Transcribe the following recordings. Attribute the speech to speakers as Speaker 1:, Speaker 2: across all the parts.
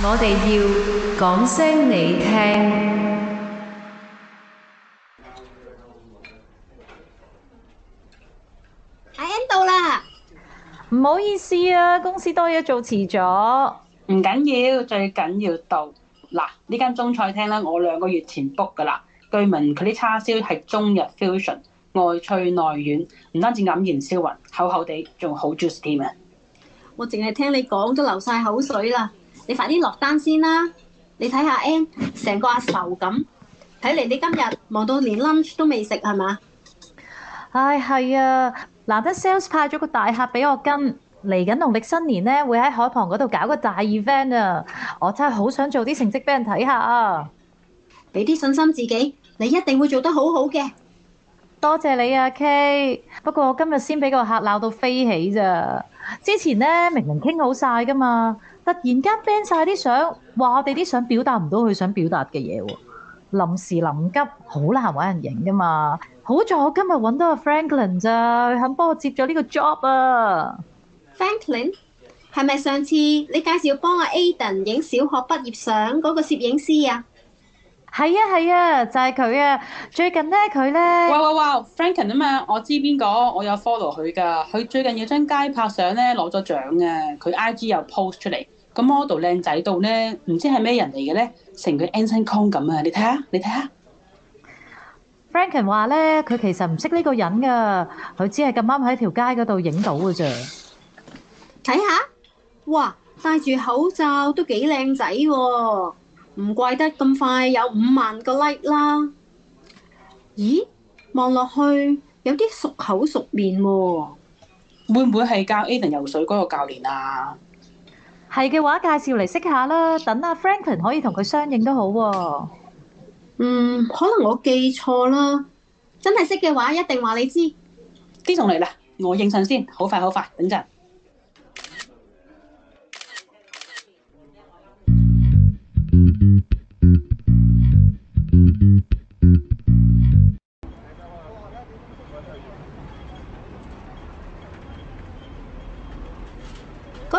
Speaker 1: 我哋要講聲你聽，阿欣到啦，唔好意思啊，公司多嘢做遲咗，唔緊要，最緊要到嗱，呢間中菜廳咧，我兩個月前 book 噶啦，據聞佢啲叉燒係中日 fusion，外脆內軟，唔單止黯然銷魂，厚厚地仲好 juicy 啊！
Speaker 2: 我淨係聽你講都流晒口水啦～你快啲落單先啦！你睇下 Ain，成個阿愁咁，
Speaker 1: 睇嚟你今日忙到連 lunch 都未食係嘛？唉係、哎、啊！難得 sales 派咗個大客俾我跟，嚟緊農曆新年呢，會喺海旁嗰度搞個大 event 啊！我真係好想做啲成績俾人睇下啊！俾啲信心自己，你一定會做得好好嘅。多謝你啊 K，不過我今日先俾個客鬧到飛起咋，之前呢，明明傾好晒噶嘛。突然間 ban 曬啲相，話我哋啲相表達唔到佢想表達嘅嘢喎。臨時臨急，好難揾人影噶嘛。好在我今日揾到阿 Franklin 咋，佢肯幫我接咗呢個 job 啊。Franklin 係咪上次你介紹
Speaker 2: 幫阿 Aden 影小學畢業相嗰個攝影師啊？係啊係啊，就係、
Speaker 1: 是、佢啊！最近呢，佢呢？哇哇哇 Franklin 啊嘛，Franklin，我知邊個，我有 follow 佢㗎。佢最近要張街拍相呢，攞咗獎啊！佢 IG 又 post 出嚟。咁 model 靚仔到咧，唔知係咩人嚟嘅咧？成個 ancient con 咁啊！你睇下，你睇下。Franken 話咧，佢其實唔識呢個人噶，佢只係咁啱喺條街嗰度影到嘅咋。睇下，哇！戴住口
Speaker 2: 罩都幾靚仔喎，唔怪得咁快有五萬個 like 啦。
Speaker 1: 咦？望落去有啲熟口熟面喎，啊，會唔會係教 Aden 游水嗰個教練啊？係嘅話，介紹嚟識下啦。等阿 Franklin 可以同佢相應都好喎、啊。嗯，可能我記錯啦。真係識嘅話，一定話你知。啲仲嚟啦，我應訊先，好快好快，等陣。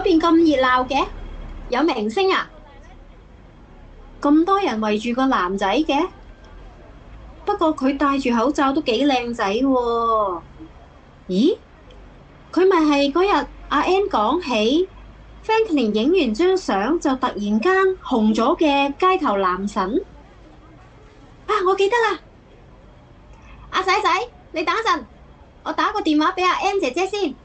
Speaker 2: 邊咁熱鬧嘅，有明星啊！咁多人圍住個男仔嘅，不過佢戴住口罩都幾靚仔喎。咦，佢咪係嗰日阿 N 講起，Franklin 影完張相就突然間紅咗嘅街頭男神啊！我記得啦，阿仔仔，你等一陣，我打個電話俾阿
Speaker 1: N 姐姐先。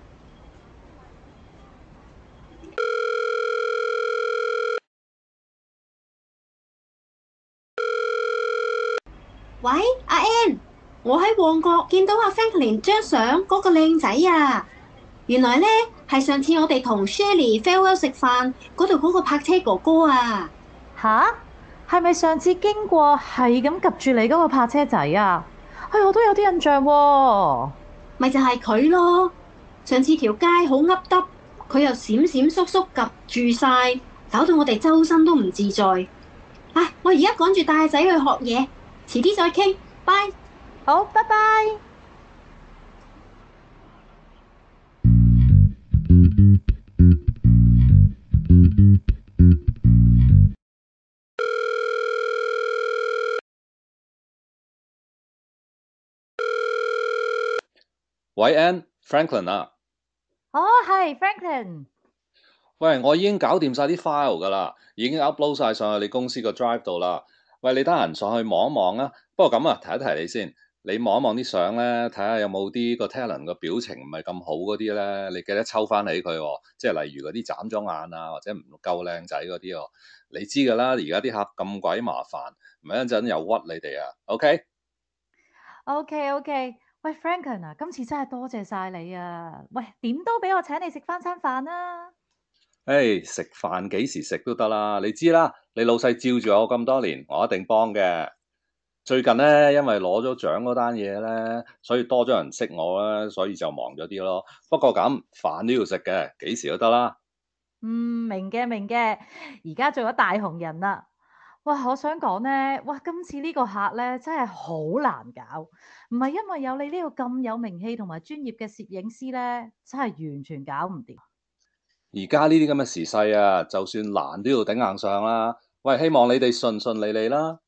Speaker 2: 喂，阿、啊、Ann 我喺旺角見到阿 Franklin 張相，嗰個靚仔啊，原來呢係上次我哋同 Shirley farewell 食飯嗰度嗰
Speaker 1: 個泊車哥哥啊。吓，係咪上次經過係咁及住你嗰個泊車仔啊？係、哎、我都有啲印象、啊，咪就係佢咯。
Speaker 2: 上次條街好噏得，佢又閃閃縮縮及住晒，搞到我哋周身都唔自在。啊，我而家趕住帶仔去學嘢。遲啲再傾，拜。好，拜拜。
Speaker 3: 喂，Ann，Franklin 啊？
Speaker 1: 哦，係 Franklin。
Speaker 3: 喂，我已經搞掂晒啲 file 噶啦，已經 upload 晒上去你公司個 drive 度啦。喂，你得閒上去望一望啦。不過咁啊，提一提你先。你望一望啲相咧，睇下有冇啲個 Talent 個表情唔係咁好嗰啲咧，你記得抽翻起佢、哦。即係例如嗰啲斬咗眼啊，或者唔夠靚仔嗰啲哦。你知噶啦，而家啲客咁鬼麻煩，唔係一陣又屈你哋啊。OK？OK
Speaker 1: OK, okay, okay. 喂。喂 Franken 啊，今次真係多謝晒你啊。喂，點都俾我請你食翻餐飯啦。
Speaker 3: 誒、欸，食飯幾時食都得啦，你知啦。你老細照住我咁多年，我一定幫嘅。最近咧，因為攞咗獎嗰單嘢咧，所以多咗人識我啦，所以就忙咗啲咯。不過咁，飯都要食嘅，幾時都得啦。嗯，
Speaker 1: 明嘅，明嘅。而家做咗大紅人啦。哇，我想講咧，哇，今次呢個客咧真係好難搞。唔係因為有你呢個咁有名氣同埋專業嘅攝影師咧，真係完全搞唔掂。
Speaker 3: 而家呢啲咁嘅時勢啊，就算難都要頂硬上啦！喂，希望你哋順順利利啦。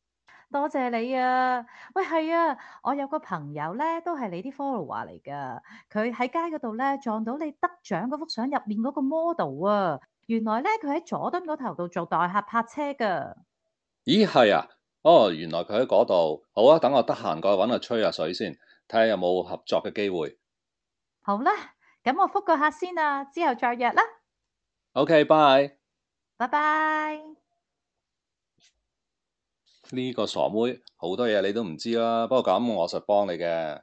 Speaker 1: 多謝你啊！喂，係啊，我有個朋友咧，都係你啲 follower 嚟噶。佢喺街嗰度咧撞到你得獎嗰幅相入面嗰個 model 啊！原來咧佢喺佐敦嗰頭度做代客泊車噶。
Speaker 3: 咦係啊？哦，原來佢喺嗰度。好啊，等我得閒過去搵佢吹下水先，睇下有冇合作嘅機會。
Speaker 1: 好啦，咁我覆個客先啊，之後再約啦。
Speaker 3: OK，bye，拜
Speaker 1: 拜。
Speaker 3: 呢個傻妹好多嘢你都唔知啦，不過咁我實幫你嘅。